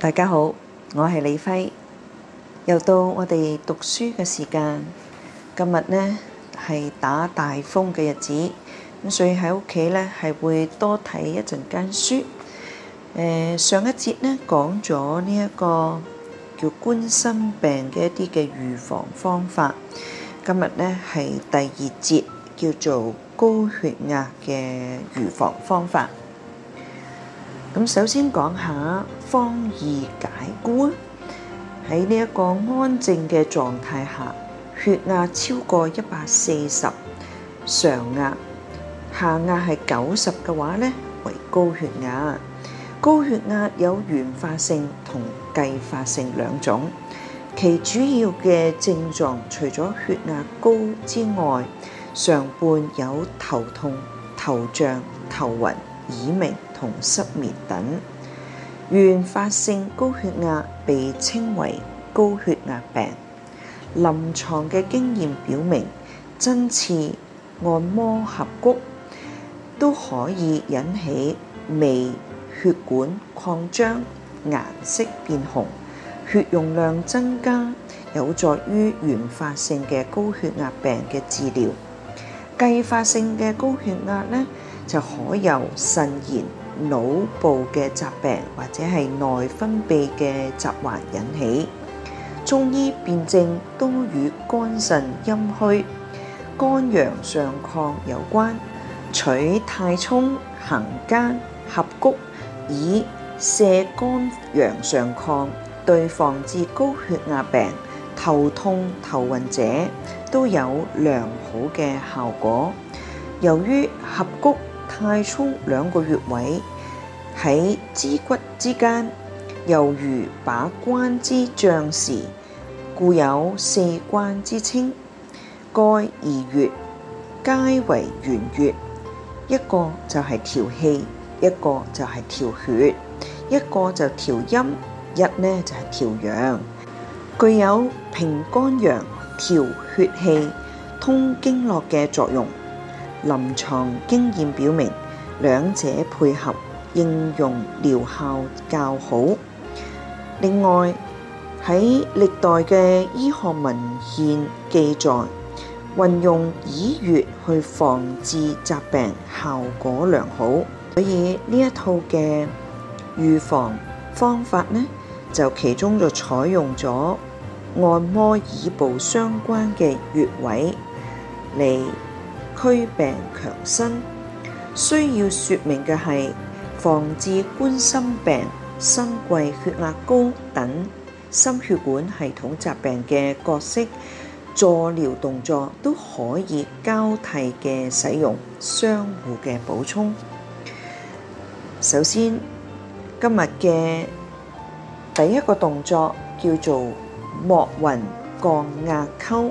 大家好，我係李輝，又到我哋讀書嘅時間。今日呢係打大風嘅日子，咁所以喺屋企呢係會多睇一陣間書。誒，上一節呢講咗呢一個叫冠心病嘅一啲嘅預防方法。今日呢係第二節，叫做高血壓嘅預防方法。咁首先講下。方易解故喺呢一個安靜嘅狀態下，血壓超過一百四十，上壓、下壓係九十嘅話呢，為高血壓。高血壓有原發性同繼發性兩種，其主要嘅症狀除咗血壓高之外，常伴有頭痛、頭脹、頭暈、耳鳴同失眠等。原發性高血壓被稱為高血壓病。臨床嘅經驗表明，針刺按摩合谷都可以引起微血管擴張、顏色變紅、血容量增加，有助於原發性嘅高血壓病嘅治療。繼發性嘅高血壓呢，就可有腎炎。腦部嘅疾病或者係內分泌嘅疾患引起，中醫辨證都與肝腎陰虛、肝陽上亢有關，取太沖、行間、合谷以瀉肝陽上亢，對防治高血壓病、頭痛、頭暈者都有良好嘅效果。由於合谷。太衝兩個穴位喺肢骨之間，猶如把關之將士，故有四關之稱。蓋二穴皆為原穴，一個就係調氣，一個就係調血，一個就調陰，一呢就係調陽，具有平肝陽、調血氣、通經絡嘅作用。臨床經驗表明，兩者配合應用療效較好。另外，喺歷代嘅醫學文獻記載，運用耳穴去防治疾病效果良好。所以，呢一套嘅預防方法呢，就其中就採用咗按摩耳部相關嘅穴位嚟。驅病強身，需要說明嘅係防治冠心病、心悸、血壓高等心血管系統疾病嘅角色，助療動作都可以交替嘅使用，相互嘅補充。首先，今日嘅第一個動作叫做摩運降壓溝。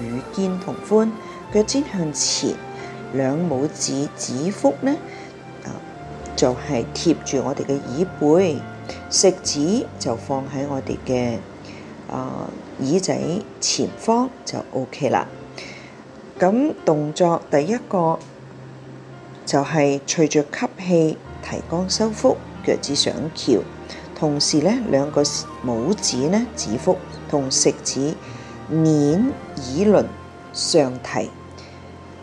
與肩同寬，腳尖向前，兩拇指指腹呢，就係貼住我哋嘅耳背，食指就放喺我哋嘅啊耳仔前方就 O K 啦。咁動作第一個就係、是、隨着吸氣提肛收腹，腳趾上翹，同時呢，兩個拇指呢，指腹同食指。面耳輪上提，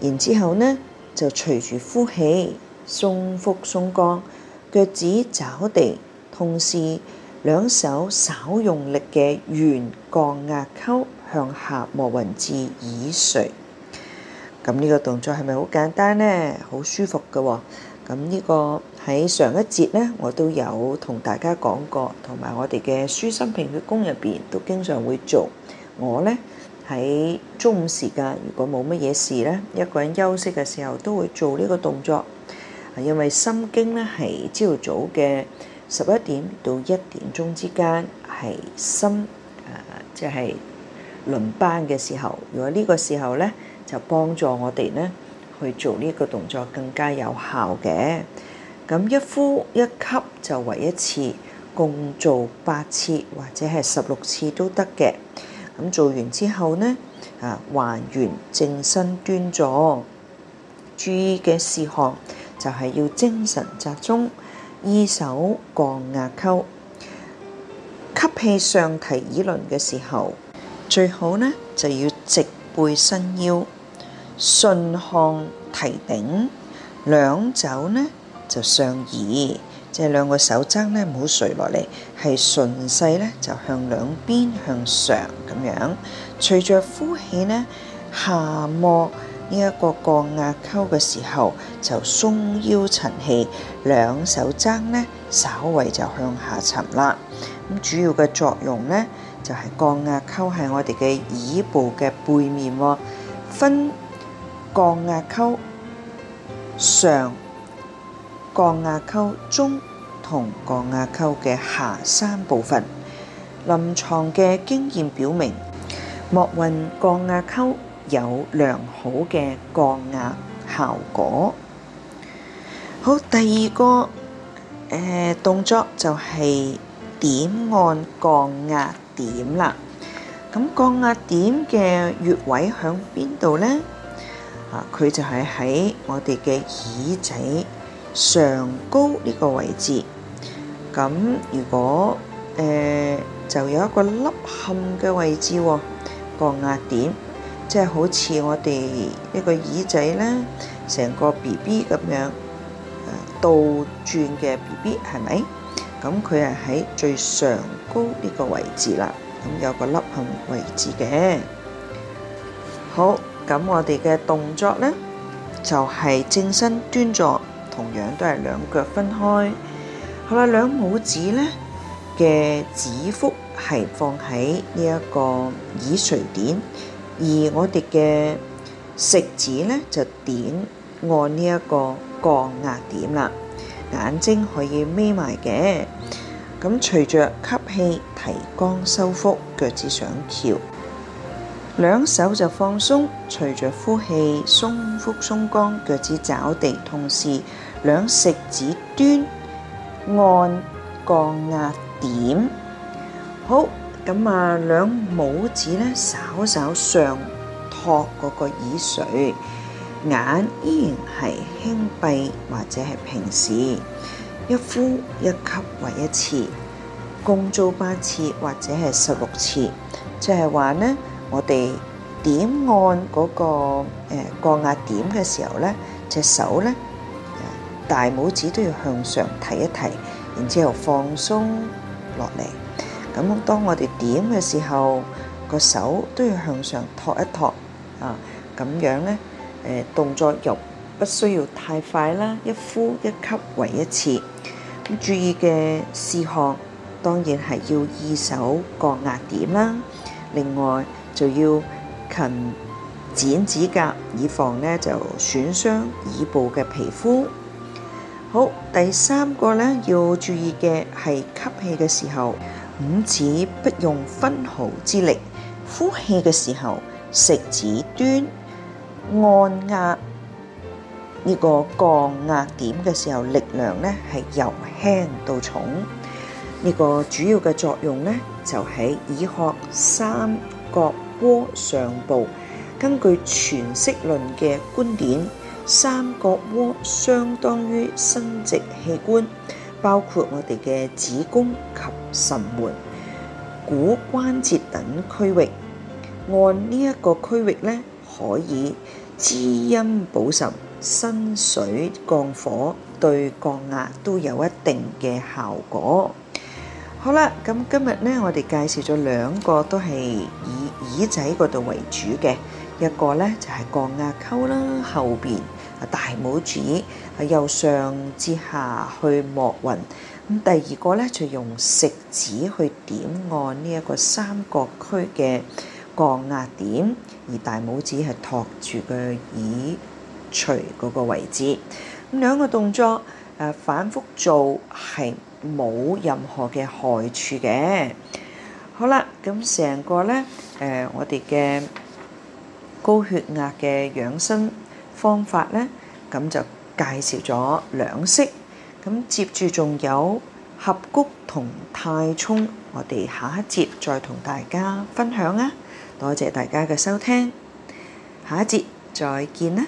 然之後呢就隨住呼氣鬆腹鬆肛，腳趾抓地，同時兩手稍用力嘅沿降壓溝向下摩運至耳垂。咁、嗯、呢、這個動作係咪好簡單呢？好舒服嘅喎、哦。咁、嗯、呢、這個喺上一節呢，我都有同大家講過，同埋我哋嘅舒心平血功入邊都經常會做。我呢，喺中午時間，如果冇乜嘢事呢，一個人休息嘅時候都會做呢個動作。因為心經呢，係朝早嘅十一點到一點鐘之間係心，啊，即係輪班嘅時候。如果呢個時候呢，就幫助我哋呢去做呢個動作更加有效嘅。咁一呼一吸就為一次，共做八次或者係十六次都得嘅。咁做完之後呢，啊，還原正身端坐，注意嘅事項就係要精神集中，二手降壓溝，吸氣上提耳輪嘅時候，最好呢就要直背伸腰，順項提頂，兩肘呢就上移。即係兩個手踭咧，唔好垂落嚟，係順勢咧就向兩邊向上咁樣。隨着呼氣咧，下摩呢一個降壓溝嘅時候，就鬆腰沉氣，兩手踭咧稍微就向下沉啦。咁主要嘅作用咧，就係、是、降壓溝喺我哋嘅耳部嘅背面，哦、分降壓溝上。降壓溝中同降壓溝嘅下三部分，臨床嘅經驗表明，摩運降壓溝有良好嘅降壓效果。好，第二個誒動作就係點按降壓點啦。咁降壓點嘅穴位響邊度咧？啊，佢就係喺我哋嘅耳仔上高呢個位置，咁如果誒就有一個凹陷嘅位置喎。降壓點，即係好似我哋一個耳仔啦，成個 BB 咁樣倒轉嘅 BB 係咪？咁佢係喺最上高呢個位置啦，咁有個凹陷位置嘅。好，咁我哋嘅動作咧，就係正身端坐。同樣都係兩腳分開，好啦，兩拇指咧嘅指腹係放喺呢一個耳垂點，而我哋嘅食指咧就點按呢一個降壓點啦。眼睛可以眯埋嘅，咁隨着吸氣提肛收腹，腳趾上翹。兩手就放鬆，隨着呼氣鬆腹鬆肛，腳趾抓地，同時兩食指端按降壓點。好，咁啊，兩拇指咧稍稍上托嗰個耳垂，眼依然係輕閉或者係平視，一呼一吸為一次，共做八次或者係十六次，就係話咧。我哋點按嗰個誒降壓點嘅時候咧，隻手咧大拇指都要向上提一提，然之後放鬆落嚟。咁當我哋點嘅時候，個手都要向上托一托啊。咁樣咧誒動作又不需要太快啦，一呼一吸為一次。咁注意嘅事項當然係要二手降壓點啦，另外，就要勤剪指甲，以防咧就損傷耳部嘅皮膚。好，第三個咧要注意嘅係吸氣嘅時候，五指不用分毫之力；呼氣嘅時候，食指端按壓。呢個降壓點嘅時候，力量咧係由輕到重。呢個主要嘅作用咧就喺耳殼三角窩上部，根據全息論嘅觀點，三角窩相當於生殖器官，包括我哋嘅子宮及神門、骨關節等區域。按呢一個區域呢，可以滋陰補腎、生水降火，對降壓都有一定嘅效果。好啦，咁今日呢，我哋介紹咗兩個都係以。耳仔嗰度為主嘅一個咧，就係、是、降壓溝啦。後邊啊，大拇指啊，由上至下去摩運。咁第二個咧，就用食指去點按呢一個三角區嘅降壓點，而大拇指係托住佢耳垂嗰個位置。咁兩個動作誒、呃，反覆做係冇任何嘅害處嘅。好啦，咁成個咧，誒，我哋嘅高血壓嘅養生方法咧，咁就介紹咗兩式。咁接住仲有合谷同太沖，我哋下一節再同大家分享啊！多謝大家嘅收聽，下一節再見啦。